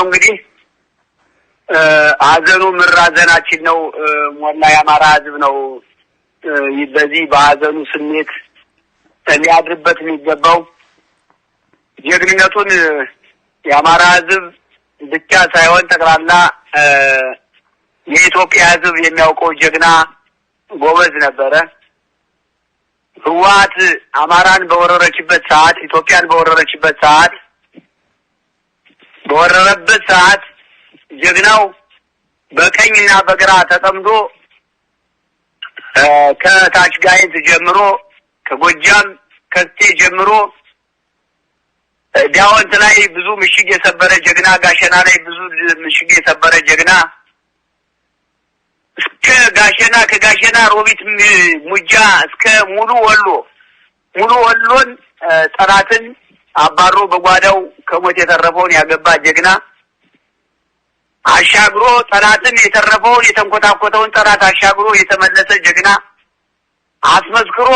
ያው እንግዲህ ሀዘኑ ምራዘናችን ሀዘናችን ነው። ሞላ የአማራ ህዝብ ነው በዚህ በሀዘኑ ስሜት ሊያድርበት የሚገባው ጀግንነቱን የአማራ ህዝብ ብቻ ሳይሆን ጠቅላላ የኢትዮጵያ ህዝብ የሚያውቀው ጀግና ጎበዝ ነበረ። ህወሓት አማራን በወረረችበት ሰዓት፣ ኢትዮጵያን በወረረችበት ሰዓት በወረረበት ሰዓት ጀግናው በቀኝና በግራ ተጠምዶ ከታች ጋይንት ጀምሮ ከጎጃም ከስቴ ጀምሮ ዳውንት ላይ ብዙ ምሽግ የሰበረ ጀግና፣ ጋሸና ላይ ብዙ ምሽግ የሰበረ ጀግና እስከ ጋሸና ከጋሸና ሮቢት ሙጃ እስከ ሙሉ ወሎ ሙሉ ወሎን ጠላትን አባሮ በጓዳው ከሞት የተረፈውን ያገባ ጀግና አሻግሮ ጠላትን የተረፈውን የተንኮታኮተውን ጠላት አሻግሮ የተመለሰ ጀግና አስመስክሮ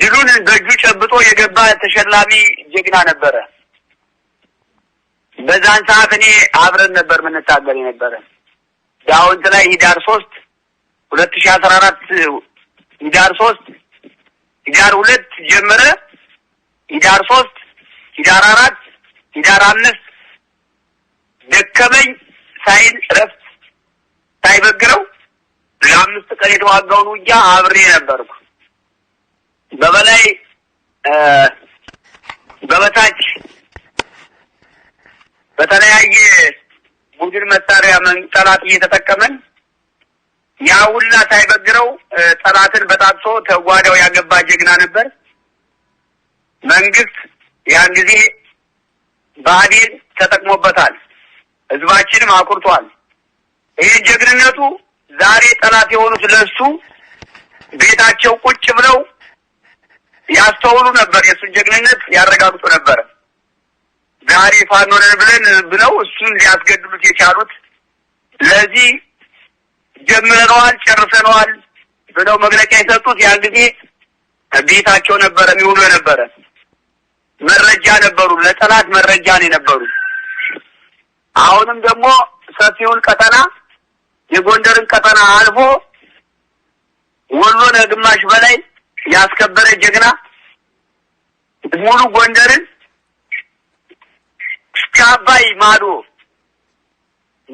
ድሉን በእጁ ጨብጦ የገባ ተሸላሚ ጀግና ነበረ። በዛን ሰዓት እኔ አብረን ነበር የምንታገል የነበረ ዳውንት ላይ ሂዳር ሶስት ሁለት ሺ አስራ አራት ሂዳር ሶስት ሂዳር ሁለት ጀመረ ሂዳር ሶስት ሂዳር አራት ሂዳር አምስት ደከመኝ ሳይል እረፍት ሳይበግረው ለአምስት ቀን የተዋጋውን ውጊያ አብሬ ነበርኩ። በበላይ በበታች በተለያየ ቡድን መሳሪያ ጠላት እየተጠቀመን ያ ሁላ ሳይበግረው ጠላትን በጣጥሶ ተጓዳው ያገባ ጀግና ነበር። መንግስት ያን ጊዜ ብአዴን ተጠቅሞበታል። ህዝባችንም አቁርቷል። ይህን ጀግንነቱ ዛሬ ጠላት የሆኑት ለሱ ቤታቸው ቁጭ ብለው ያስተውሉ ነበር፣ የእሱን ጀግንነት ያረጋግጡ ነበር። ዛሬ ፋኖ ነን ብለን ብለው እሱን ሊያስገድሉት የቻሉት ለዚህ ጀምረነዋል፣ ጨርሰነዋል ብለው መግለጫ የሰጡት ያን ጊዜ ቤታቸው ነበረ የሚውሉ ነበረ። መረጃ ነበሩ፣ ለጠላት መረጃ ነው የነበሩ። አሁንም ደግሞ ሰፊውን ቀጠና የጎንደርን ቀጠና አልፎ ወሎን ግማሽ በላይ ያስከበረ ጀግና ሙሉ ጎንደርን እስከ አባይ ማዶ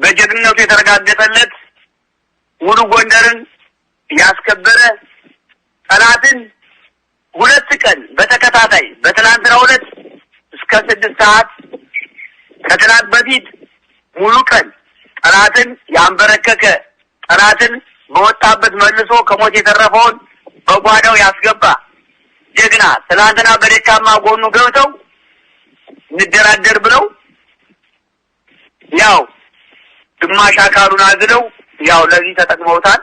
በጀግንነቱ የተረጋገጠለት ሙሉ ጎንደርን ያስከበረ ጠላትን ሁለት ቀን በተከታታይ በትናንትናው ሁለት እስከ ስድስት ሰዓት ከትናንት በፊት ሙሉ ቀን ጠላትን ያንበረከከ ጠላትን በወጣበት መልሶ ከሞት የተረፈውን በጓዳው ያስገባ ጀግና ትናንትና በደካማ ጎኑ ገብተው እንደራደር ብለው ያው ግማሽ አካሉን አዝለው ያው ለዚህ ተጠቅመውታል።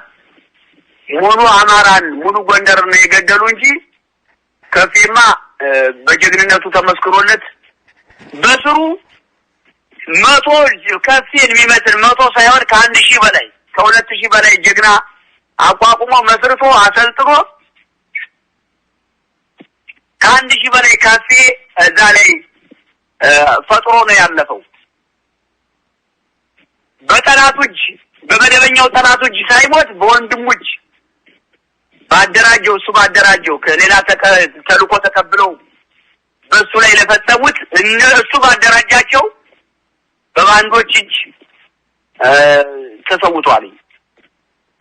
ሙሉ አማራን ሙሉ ጎንደርን የገደሉ እንጂ ከፊማ በጀግንነቱ ተመስክሮለት በስሩ መቶ ከፊን የሚመስል መቶ ሳይሆን ከአንድ ሺህ በላይ ከሁለት ሺህ በላይ ጀግና አቋቁሞ መስርቶ አሰልጥሮ ከአንድ ሺህ በላይ ካፌ እዛ ላይ ፈጥሮ ነው ያለፈው። በጠላቱ እጅ በመደበኛው ጠላቱ እጅ ሳይሞት በወንድሙ እጅ ባደራጀው እሱ ባደራጀው ከሌላ ተልኮ ተቀብለው በእሱ ላይ ለፈጸሙት እሱ ባደራጃቸው በባንዶች እጅ ተሰውቷል።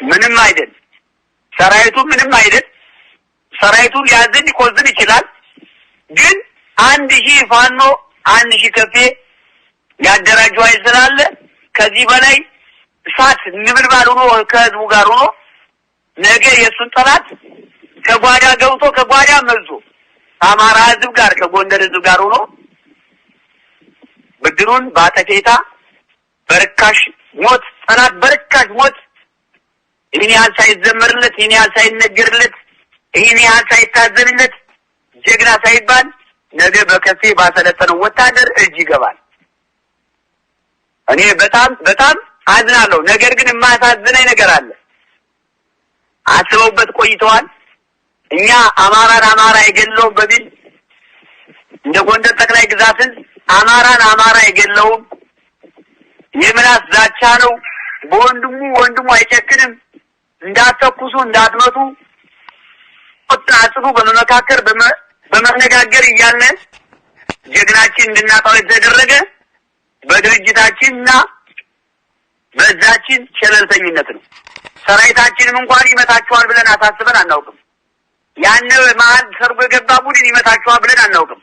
ምንም አይደል፣ ሰራዊቱ ምንም አይደል። ሰራዊቱ ሊያዝን ሊኮዝን ይችላል። ግን አንድ ሺህ ፋኖ አንድ ሺህ ከፌ ያደራጀው ኃይል ስላለ ከዚህ በላይ እሳት ንብልባል ሆኖ ከህዝቡ ጋር ሆኖ ነገ የእሱን ጠላት ከጓዳ ገብቶ ከጓዳ መዞ ከአማራ ህዝብ ጋር ከጎንደር ህዝብ ጋር ሆኖ ብድሩን በአጠፌታ በርካሽ ሞት ጠላት በርካሽ ሞት ይህን ያህል ሳይዘመርለት ይህን ያህል ሳይነገርለት ይህን ያህል ሳይታዘንለት ጀግና ሳይባል ነገ በከፌ ባሰለጠነው ወታደር እጅ ይገባል። እኔ በጣም በጣም አዝናለሁ። ነገር ግን የማያሳዝነኝ ነገር አለ። አስበውበት ቆይተዋል። እኛ አማራን አማራ የገለውም በሚል እንደ ጎንደር ጠቅላይ ግዛት አማራን አማራ አይገለውም የምላስ ዛቻ ነው። በወንድሙ ወንድሙ አይጨክንም፣ እንዳትተኩሱ፣ እንዳትመቱ አጽፉ በመመካከር በመነጋገር እያለ ጀግናችን እንድናጣው የተደረገ በድርጅታችንና በዛችን ሸለልተኝነት ነው። ሰራዊታችንም እንኳን ይመታችኋል ብለን አሳስበን አናውቅም። ያን መሀል ሰርጎ የገባ ቡድን ይመታችኋል ብለን አናውቅም።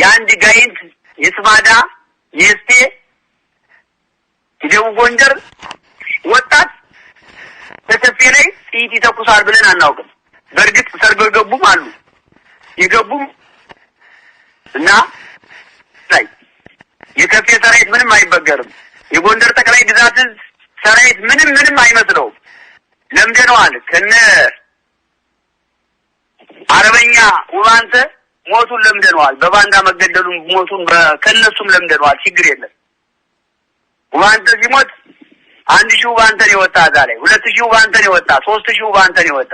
የአንድ ጋይንት የስማዳ የስቴ የደቡብ ጎንደር ወጣት በሰፌ ላይ ጥይት ይተኩሳል ብለን አናውቅም። በእርግጥ ሰርጎ የገቡም አሉ የገቡም እና ላይ የከፌ ሰራዊት ምንም አይበገርም። የጎንደር ጠቅላይ ግዛት ህዝብ ሰራዊት ምንም ምንም አይመስለውም። ለምደነዋል። ከነ አርበኛ ውባንተ ሞቱን ለምደነዋል። በባንዳ መገደሉን ሞቱን ከነሱም ለምደነዋል። ችግር የለም። ውባንተ ሲሞት አንድ ሺህ ውባንተን የወጣ እዛ ላይ ሁለት ሺህ ውባንተን የወጣ ሶስት ሺህ ውባንተን የወጣ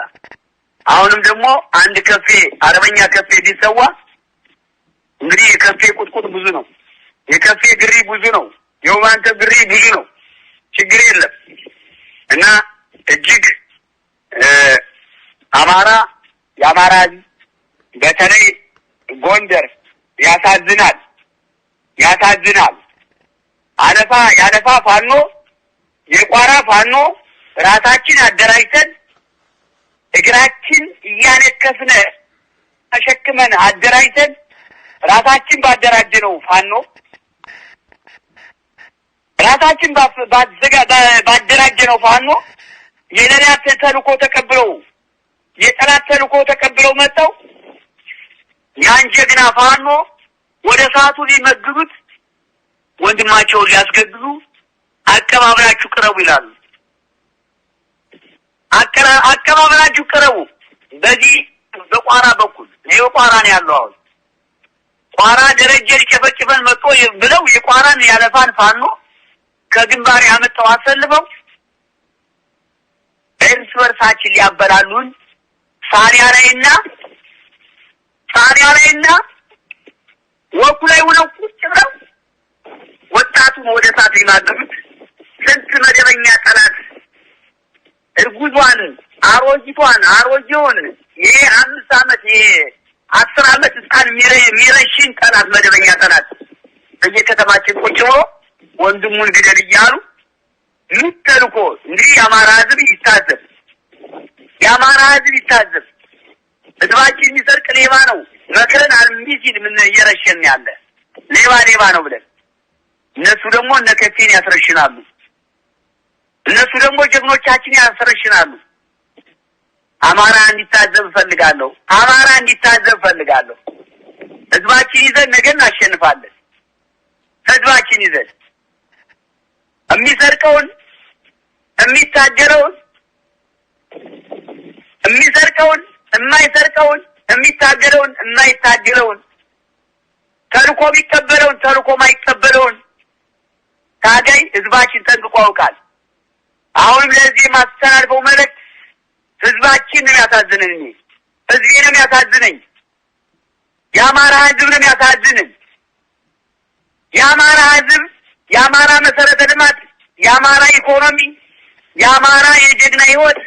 አሁንም ደግሞ አንድ ከፌ አርበኛ ከፌ ቢሰዋ እንግዲህ የከፌ ቁጥቁጥ ብዙ ነው። የከፌ ግሪ ብዙ ነው። የውባንተ ግሪ ብዙ ነው። ችግር የለም እና እጅግ አማራ የአማራ በተለይ ጎንደር ያሳዝናል፣ ያሳዝናል። አለፋ የአለፋ ፋኖ የቋራ ፋኖ ራሳችን አደራጅተን እግራችን እያነከስነ ተሸክመን አደራጅተን ራሳችን ባደራጀ ነው ፋኖ ራሳችን ባደራጀ ነው ፋኖ የነዳት ተልኮ ተቀብለው የጠላት ተልኮ ተቀብለው መጥተው ያን ጀግና ፋኖ ወደ ሰዓቱ ሊመግዱት ወንድማቸውን ሊያስገድሉ አቀባብላችሁ ቅረቡ ይላሉ። አቀባብላችሁ ቅረቡ። በዚህ በቋራ በኩል እኔ በቋራ ነው ያለው አሁን ቋራ ደረጀ ሊጨፈጭፈን መጥቶ ብለው የቋራን ያለፋን ፋኖ ከግንባር ያመጣው አሰልፈው እርስ በርሳችን ሊያበላሉን ሳሪያ ላይና ሳሪያ ላይና ወኩ ላይ ሆነው ቁጭ ብለው ወጣቱን ወደ ሳት ሊማግቡት ስንት መደበኛ ጠላት እርጉዟን አሮጊቷን አሮጌውን ይሄ አምስት አመት ይሄ አስር ዓመት ህፃን ሚረሽን ጠላት መደበኛ ጠላት በየከተማችን ቁጭ ብሎ ወንድሙን ግደል እያሉ ተልኮ እንግዲህ የአማራ ህዝብ ይታዘብ፣ የአማራ ህዝብ ይታዘብ። ህዝባችን የሚሰርቅ ሌባ ነው መክረን አልሚ ሲል ምን እየረሸን ያለ ሌባ ሌባ ነው ብለን እነሱ ደግሞ እነ ከፊን ያስረሽናሉ። እነሱ ደግሞ ጀግኖቻችን ያስረሽናሉ። አማራ እንዲታዘብ እፈልጋለሁ። አማራ እንዲታዘብ እፈልጋለሁ። ህዝባችን ይዘን ነገ እናሸንፋለን። ህዝባችን ይዘን የሚሰርቀውን የሚታጀረውን የሚሰርቀውን የማይሰርቀውን የሚታገለውን የማይታገለውን ተልኮ የሚቀበለውን ተልኮ ማይቀበለውን ታጋይ ህዝባችን ጠንቅቆ ያውቃል። አሁንም ለዚህ የማስተላልፈው መልእክት ህዝባችን ነው ያሳዝንን፣ እኔ ህዝቤ ነው የሚያሳዝነኝ የአማራ ህዝብ ነው የሚያሳዝንን የአማራ ህዝብ የአማራ መሰረተ ልማት፣ የአማራ ኢኮኖሚ፣ የአማራ የጀግና ህይወት፣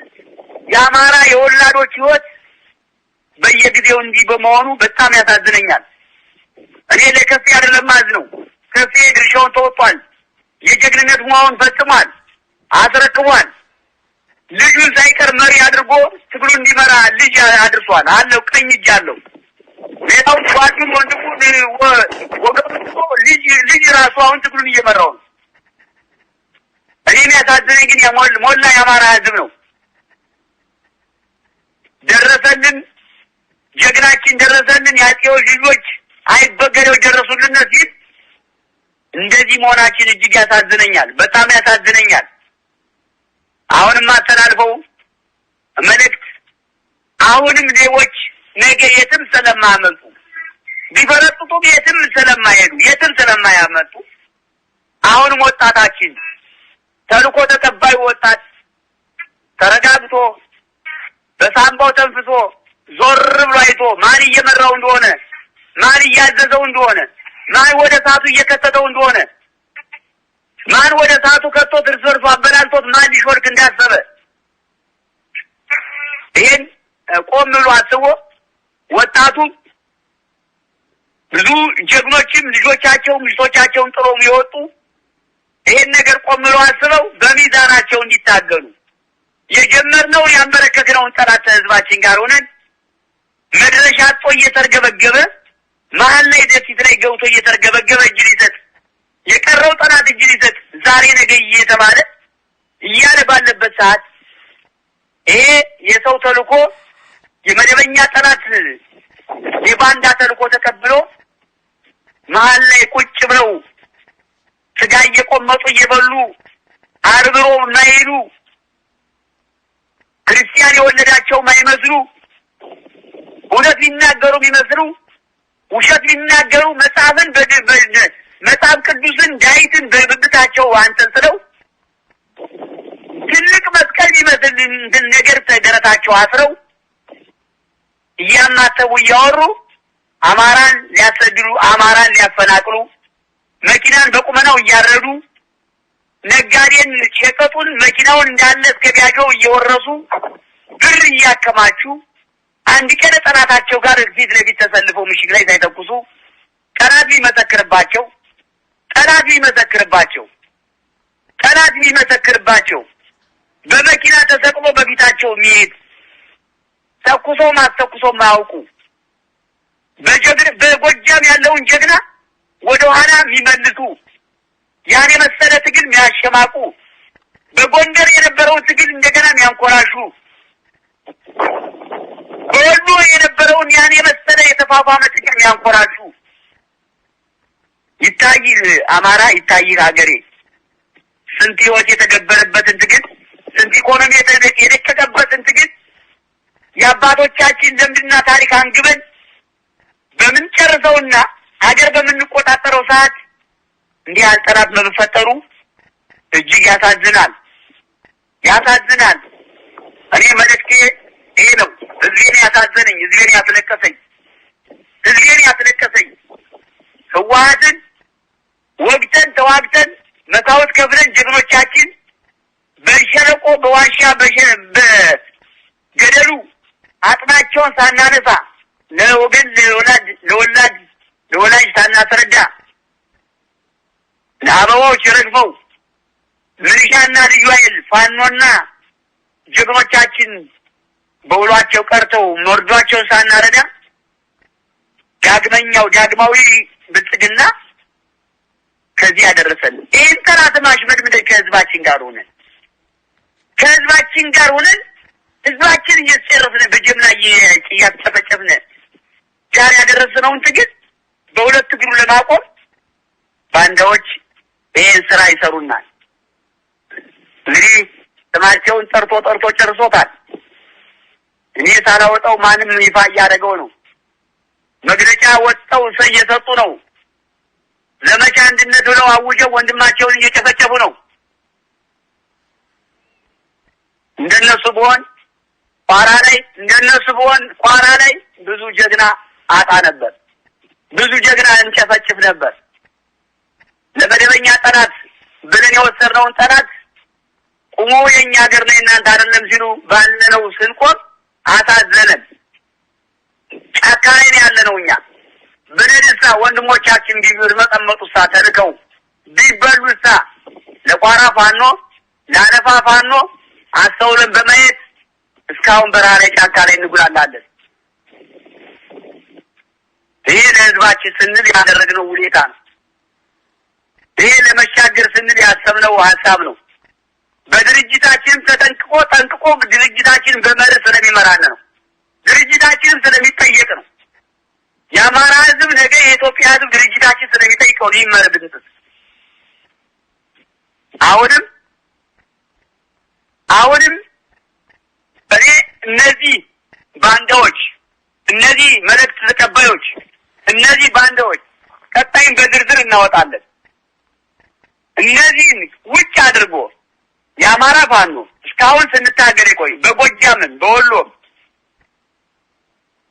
የአማራ የወላዶች ህይወት በየጊዜው እንዲህ በመሆኑ በጣም ያሳዝነኛል። እኔ ለከፌ አይደለም ማዝ ነው። ከፌ ድርሻውን ተወጥቷል። የጀግንነት ሙያውን ፈጽሟል፣ አስረክቧል። ልጁን ሳይቀር መሪ አድርጎ ትግሉ እንዲመራ ልጅ አድርሷል አለው። ቀኝ እጅ አለው። ሌላው ጓድም ወንድሙን ወገብቶ ልጅ ልጅ ራሱ አሁን ትግሉን እየመራው ነው። እኔ የሚያሳዝነኝ ግን ሞላ የአማራ ህዝብ ነው። ደረሰልን ጀግናችን ደረሰልን፣ የአጤዎች ልጆች አይበገሬው ደረሱልን ሲል እንደዚህ መሆናችን እጅግ ያሳዝነኛል፣ በጣም ያሳዝነኛል። አሁንም አስተላልፈው መልእክት አሁንም ሌቦች ነገ የትም ስለማያመልጡ ቢፈረጥጡ የትም ስለማይሄዱ የትም ስለማያመጡ አሁንም ወጣታችን ተልኮ ተቀባይ ወጣት ተረጋግቶ በሳምባው ተንፍሶ ዞር ብሎ አይቶ ማን እየመራው እንደሆነ ማን እያዘዘው እንደሆነ ማን ወደ ሰዓቱ እየከተተው እንደሆነ ማን ወደ ሰዓቱ ከቶት እርስ በርሱ አበላልቶት ማን ሊሾልክ እንዳሰበ ይህን ቆም ብሎ አስቦ ወጣቱ ብዙ ጀግኖችም ልጆቻቸውም ሚስቶቻቸውን ጥለው የወጡ ይሄን ነገር ቆም ብለው አስበው በሚዛናቸው እንዲታገሉ የጀመርነው ያንበረከክነውን ጠላት ህዝባችን ጋር ሆነን መድረሻ አጥቶ እየተርገበገበ መሀል ላይ ደሴት ላይ ገብቶ እየተርገበገበ እጅ ሊሰጥ የቀረው ጠላት እጅ ሊሰጥ ዛሬ ነገ እየተባለ እያለ ባለበት ሰዓት ይሄ የሰው ተልኮ የመደበኛ ጠላት የባንዳ ተልዕኮ ተቀብሎ መሀል ላይ ቁጭ ብለው ስጋ እየቆመጡ እየበሉ አርብሮ ማይሉ ክርስቲያን የወለዳቸው ማይመስሉ እውነት ሊናገሩ የሚመስሉ ውሸት ሊናገሩ መጽሐፍን መጽሐፍ ቅዱስን ዳይትን በብብታቸው አንጠልጥለው ትልቅ መስቀል የሚመስል ነገር ተደረታቸው አስረው እያማተቡ እያወሩ አማራን ሊያሰድዱ አማራን ሊያፈናቅሉ መኪናን በቁመናው እያረዱ ነጋዴን ሸቀጡን መኪናውን እንዳለ እስከ ቢያገው እየወረሱ ብር እያከማቹ አንድ ቀን ጠናታቸው ጋር ፊት ለፊት ተሰልፈው ምሽግ ላይ ሳይተኩሱ ጠናት ሊመሰክርባቸው ጠናት ሊመሰክርባቸው ጠናት ሊመሰክርባቸው በመኪና ተሰቅሎ በፊታቸው የሚሄድ ተኩሶም አተኩሶም አያውቁ። በጎጃም ያለውን ጀግና ወደኋላ የሚመልሱ ያን የመሰለ ትግል የሚያሸማቁ፣ በጎንደር የነበረውን ትግል እንደገና የሚያንኮራሹ፣ በወሎ የነበረውን ያን የመሰለ የተፋፋመ ትግል የሚያንኮራሹ ይታይህ አማራ ይታይል ሀገሬ ስንት ህይወት የተገበረበትን ትግል ስንት ኢኮኖሚ የደከቀበትን ትግል የአባቶቻችን ዘንድና ታሪክ አንግበን በምንጨርሰውና ሀገር በምንቆጣጠረው ሰዓት እንዲህ ያህል በመፈጠሩ እጅግ ያሳዝናል፣ ያሳዝናል። እኔ መልእክቴ ይሄ ነው። ህዝቤን ያሳዘነኝ፣ ህዝቤን ያስለቀሰኝ፣ ህዝቤን ያስለቀሰኝ ህወሓትን ወግተን ተዋግተን መታወት ከፍለን ጀግኖቻችን በሸለቆ በዋሻ በገደሉ አጥማቸውን ሳናነሳ ለወገን ለወላድ ለወላድ ለወላጅ ሳናስረዳ ለአበባዎች ረግፈው ምንሻና ልዩ ኃይል ፋኖና ጀግኖቻችን በውሏቸው ቀርተው መርዷቸውን ሳናረዳ ዳግመኛው ዳግማዊ ብልጽግና ከዚህ ያደረሰልን። ይህን ጠላትን ማሽመድመድ ከህዝባችን ጋር ሆነን ከህዝባችን ጋር ሆነን ህዝባችን እየተጨረስን በጀምላ እያጨበጨብን ዳር ያደረስነውን ትግል በሁለት እግሩ ለማቆም ባንዳዎች ይህን ስራ ይሰሩናል። እንግዲህ ጥማቸውን ጠርቶ ጠርቶ ጨርሶታል። እኔ ሳላወጣው ማንም ይፋ እያደረገው ነው። መግለጫ ወጥተው ሰ እየሰጡ ነው። ዘመቻ አንድነት ብለው አውጀው ወንድማቸውን እየጨፈጨፉ ነው። እንደነሱ በሆን ቋራ ላይ እንደነሱ ብሆን ቋራ ላይ ብዙ ጀግና አጣ ነበር። ብዙ ጀግና እንጨፈጭፍ ነበር። ለመደበኛ ጠላት ብለን የወሰድነውን ጠላት ቁሞ የእኛ ሀገር ነው የእናንተ አይደለም ሲሉ ባለነው ስንቆም አሳዘነን። ጫካ ላይ ነው ያለነው እኛ ብንድሳ ወንድሞቻችን ሳ ተልከው ቢበሉሳ ለቋራ ፋኖ ለአለፋ ፋኖ አስተውለን በማየት እስካሁን በረሃ ጫካ ላይ እንጉላላለን። ይህ ለህዝባችን ስንል ያደረግነው ሁኔታ ነው። ይህ ለመሻገር ስንል ያሰብነው ሀሳብ ነው። በድርጅታችንም ተጠንቅቆ ጠንቅቆ ድርጅታችን በመርህ ስለሚመራን ነው። ድርጅታችንም ስለሚጠየቅ ነው። የአማራ ህዝብ ነገ የኢትዮጵያ ህዝብ ድርጅታችን ስለሚጠይቀው ነው ይመርብን። አሁንም አሁንም እኔ እነዚህ ባንዳዎች፣ እነዚህ መልእክት ተቀባዮች፣ እነዚህ ባንዳዎች ቀጣይን በዝርዝር እናወጣለን። እነዚህን ውጭ አድርጎ የአማራ ፋኖ እስካሁን ስንታገል ቆይ በጎጃምም፣ በወሎም፣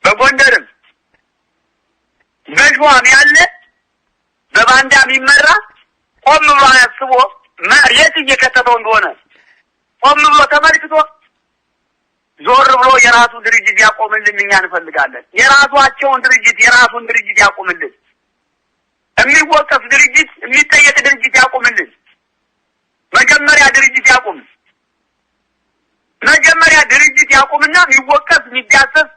በጎንደርም፣ በሸዋም ያለ በባንዳ የሚመራ ቆም ብሎ አያስቦ የት እየከተተው እንደሆነ ቆም ብሎ ተመልክቶ ዞር ብሎ የራሱ ድርጅት ያቆምልን፣ እኛ እንፈልጋለን። የራሷቸውን ድርጅት የራሱን ድርጅት ያቆምልን፣ የሚወቀፍ ድርጅት የሚጠየቅ ድርጅት ያቆምልን። መጀመሪያ ድርጅት ያቁም፣ መጀመሪያ ድርጅት ያቁምና የሚወቀፍ የሚዳሰስ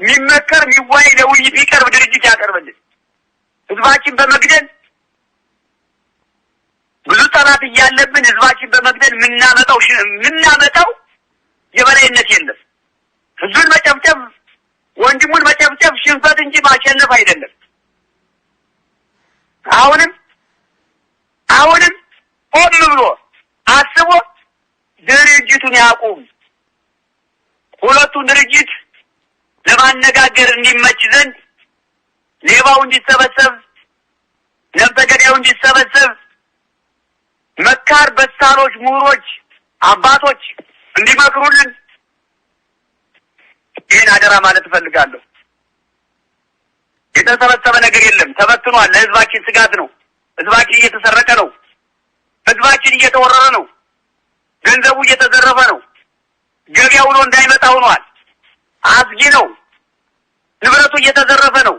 የሚመከር የሚዋይ ለውይይት የሚቀርብ ድርጅት ያቀርብልን። ህዝባችን በመግደል ብዙ ጠላት እያለብን ህዝባችን በመግደል የምናመጣው የምናመጣው የበላይነት የለም። ህዝብን መጨፍጨፍ፣ ወንድሙን መጨፍጨፍ ሽንፈት እንጂ ማሸነፍ አይደለም። አሁንም አሁንም ቆም ብሎ አስቦ ድርጅቱን ያቁም። ሁለቱን ድርጅት ለማነጋገር እንዲመች ዘንድ ሌባው እንዲሰበሰብ፣ ነፍሰ እንዲሰበሰብ፣ መካር በሳሎች፣ ምሁሮች፣ አባቶች እንዲመክሩልን ይህን አደራ ማለት እፈልጋለሁ። የተሰበሰበ ነገር የለም፣ ተበትኗል። ለህዝባችን ስጋት ነው። ህዝባችን እየተሰረቀ ነው። ህዝባችን እየተወረረ ነው። ገንዘቡ እየተዘረፈ ነው። ገበያ ውሎ እንዳይመጣ ሆኗል። አስጊ ነው። ንብረቱ እየተዘረፈ ነው።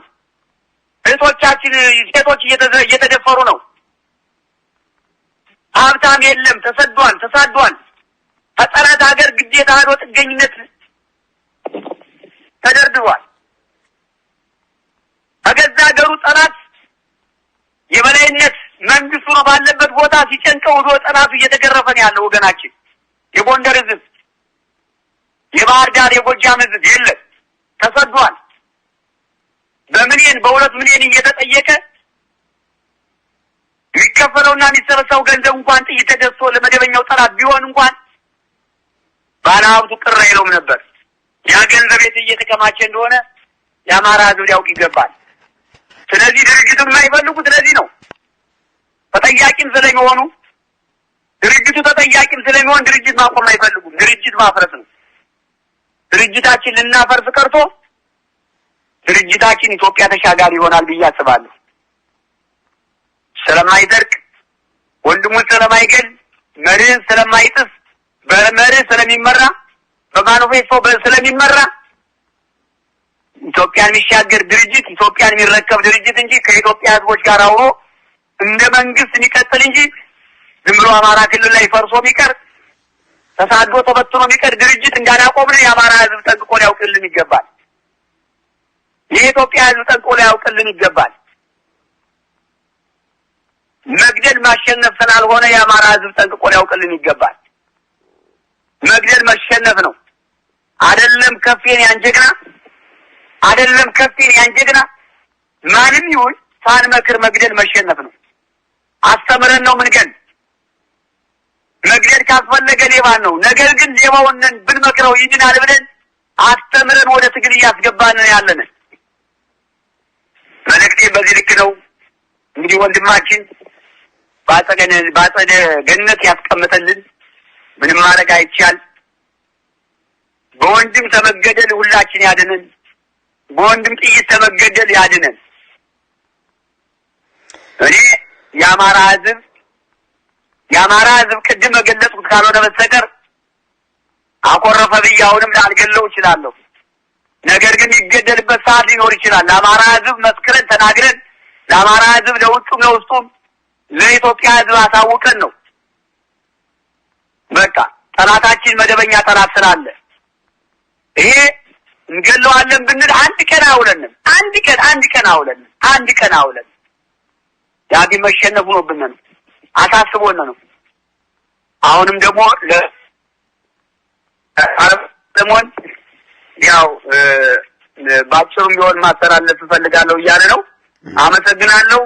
እህቶቻችን ሴቶች እየተደፈሩ ነው። ሀብታም የለም፣ ተሰዷል፣ ተሳዷል። ከጠላት ሀገር ግዴታ ሄዶ ጥገኝነት ተደርድሯል። ከገዛ ሀገሩ ጠላት የበላይነት መንግስቱ ነው ባለበት ቦታ ሲጨንቀው ወደ ጠላቱ እየተገረፈ ነው ያለው ወገናችን። የጎንደር ህዝብ፣ የባህር ዳር፣ የጎጃም ህዝብ የለም ተሰዷል። በምኔን በሁለት ምኔን እየተጠየቀ የሚከፈለውና የሚሰበሰበው ገንዘብ እንኳን ጥይት ተገዝቶ ለመደበኛው ጠላት ቢሆን እንኳን ባለሀብቱ ቅር አይለውም ነበር። ያ ገንዘብ የት እየተከማቸ እንደሆነ የአማራ ሕዝብ ሊያውቅ ይገባል። ስለዚህ ድርጅቱ የማይፈልጉ ስለዚህ ነው። ተጠያቂም ስለሚሆኑ ድርጅቱ ተጠያቂም ስለሚሆን ድርጅት ማቆም አይፈልጉም። ድርጅት ማፍረስ ነው። ድርጅታችን ልናፈርስ ቀርቶ ድርጅታችን ኢትዮጵያ ተሻጋሪ ይሆናል ብዬ አስባለሁ። ስለማይዘርቅ ወንድሙን ስለማይገል መሪህን ስለማይጥስ በመርህ ስለሚመራ በማኑፌስቶ ስለሚመራ ኢትዮጵያን የሚሻገር ድርጅት ኢትዮጵያን የሚረከብ ድርጅት እንጂ ከኢትዮጵያ ህዝቦች ጋር አውሮ እንደ መንግስት የሚቀጥል እንጂ ዝም ብሎ አማራ ክልል ላይ ፈርሶ የሚቀር ተሳዶ ተበትኖ የሚቀር ድርጅት እንዳናቆምን የአማራ ህዝብ ጠንቅቆ ሊያውቅልን ይገባል። የኢትዮጵያ ህዝብ ጠንቅቆ ሊያውቅልን ይገባል። መግደል ማሸነፍ ስላልሆነ የአማራ ህዝብ ጠንቅቆ ሊያውቅልን ይገባል። መግደል መሸነፍ ነው። አይደለም ከፌን ያንጀግና አይደለም ከፌን ያንጀግና ማንም ይሁን ሳንመክር መግደል መሸነፍ ነው። አስተምረን ነው ገን መግደል ካስፈለገ ሌባን ነው። ነገር ግን ሌባውን ብንመክረው ይድናል ብለን አስተምረን ወደ ትግል እያስገባን ያለን። መልእክቴ በዚህ ልክ ነው። እንግዲህ ወንድማችን በአጸደ ገነት ያስቀምጠልን። ምንም ማድረግ አይቻል። በወንድም ተመገደል ሁላችን ያድነን። በወንድም ጥይት ተመገደል ያድነን። እኔ የአማራ ህዝብ የአማራ ህዝብ ቅድም የገለጽኩት ካልሆነ በስተቀር አኮረፈ ብዬ አሁንም ላልገለው እችላለሁ። ነገር ግን ይገደልበት ሰዓት ሊኖር ይችላል። ለአማራ ህዝብ መስክረን ተናግረን ለአማራ ህዝብ ለውጩም ለውስጡም ለኢትዮጵያ ህዝብ አሳውቀን ነው በቃ ጠላታችን መደበኛ ጠላት ስላለ ይሄ እንገለዋለን ብንል አንድ ቀን አውለንም አንድ ቀን አንድ ቀን አውለንም አንድ ቀን አውለን ዳቢ መሸነፍ ነው ብነን አሳስቦነ ነው። አሁንም ደግሞ ለ ሰሞን ያው ባጭሩም ቢሆን ማስተላለፍ እፈልጋለሁ እያለ ነው። አመሰግናለሁ።